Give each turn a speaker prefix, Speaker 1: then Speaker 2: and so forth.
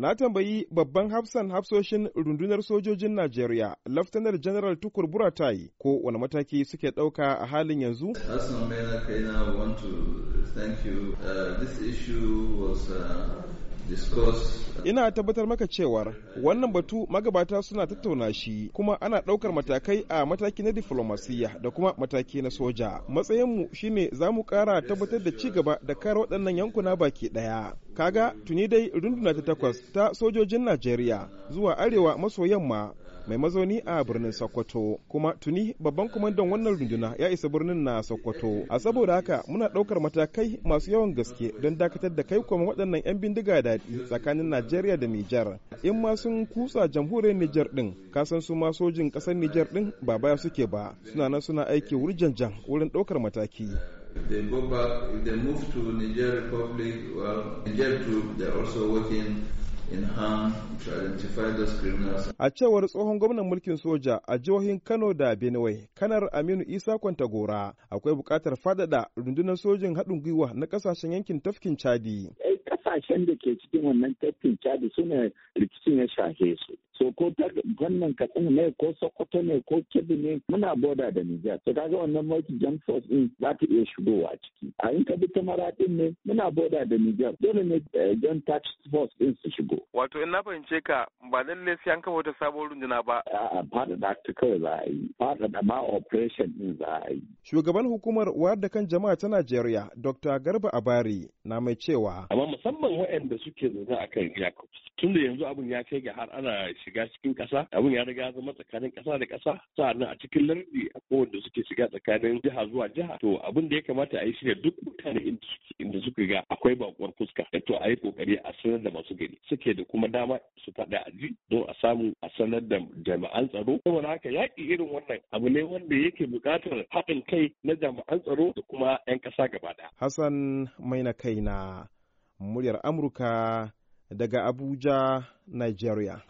Speaker 1: Na tambayi babban hafsan hafsoshin rundunar sojojin Najeriya, Laftanar General Tukur Buratai, ko wani mataki suke ɗauka a halin yanzu?
Speaker 2: Uh, this issue uh,
Speaker 1: Ina tabbatar maka cewar wannan batu magabata suna tattauna shi kuma ana ɗaukar matakai a mataki na diflomasiyya da kuma mataki na soja. Matsayinmu shine za mu ƙara tabbatar da ci gaba da kare waɗannan yankuna baki ɗaya. Kaga tuni dai runduna ta takwas ta sojojin Najeriya zuwa arewa maso yamma mai mazauni a birnin Sokoto kuma tuni babban kwamandan wannan runduna ya isa birnin na Sokoto a saboda haka muna ɗaukar matakai masu yawan gaske don dakatar da kai kuma waɗannan 'yan bindiga daɗi tsakanin Najeriya da Nijar in ma sun kutsa jamhuriyar Nijar ɗin kasan su ma sojin ƙasar Nijar ɗin ba baya suke ba suna nan suna aiki wurjanjan wurin ɗaukar mataki.
Speaker 2: they go back, they move to Niger Republic, well, Niger too, they're also working
Speaker 1: A cewar tsohon gwamnan mulkin soja a jihohin Kano da Benue, Kanar Aminu Isa Kwantagora, akwai buƙatar faɗaɗa rundunar sojin haɗin gwiwa na ƙasashen yankin tafkin Chadi.
Speaker 3: kasashen da ke cikin wannan tafkin cadi suna rikicin ya shahe su so ko wannan katsina ne ko sokoto ne ko kebbi ne muna boda da nijar so kaga wannan mulki jam force din za ta iya shigowa ciki a in ka bi ta maraɗin ne muna boda da nijar dole ne eh, jan tax force din su shigo
Speaker 1: wato in na fahimce ka ba lalle sai an kafa wata sabon runduna ba. A'a
Speaker 3: fada da kawai za a yi, da ma operation ɗin za a yi.
Speaker 1: Shugaban hukumar wayar da kan jama'a ta Najeriya, Dr. Garba Abari, na mai cewa.
Speaker 2: Amma musamman waɗanda suke zaune a kan iyaka. Tun da yanzu abin ya kai ga har ana shiga cikin ƙasa, abin ya riga zama tsakanin ƙasa da ƙasa, sa'annan a cikin lardi a kowanne suke shiga tsakanin jiha zuwa jiha. To abin da ya kamata a yi shi ne duk mutane inda suka ga akwai bakuwar fuska. To a yi ƙoƙari a sanar da masu gari suke da kuma dama su faɗa a ji don a samu a sanar da jami'an tsaro saboda haka yaƙi irin wannan abu ne wanda yake buƙatar haɗin kai na jami'an tsaro da kuma 'yan ƙasa gaba ɗaya.
Speaker 1: Hassan kai na muryar Amurka daga Abuja, Nigeria.